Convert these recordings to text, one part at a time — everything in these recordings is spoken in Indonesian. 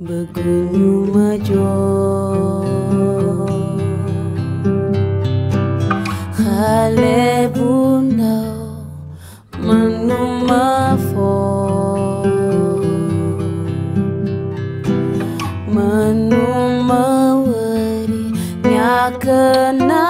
begunyu majo hale bundau menu menumaweri nyakena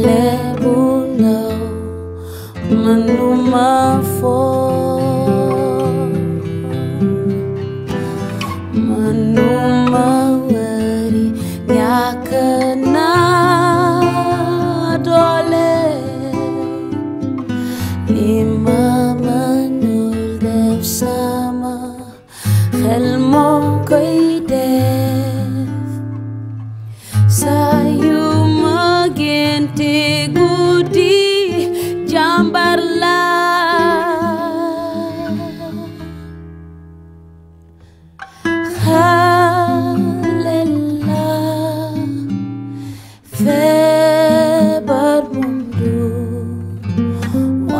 nebulo menumafo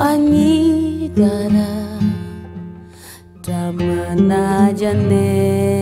anyi dara damana jane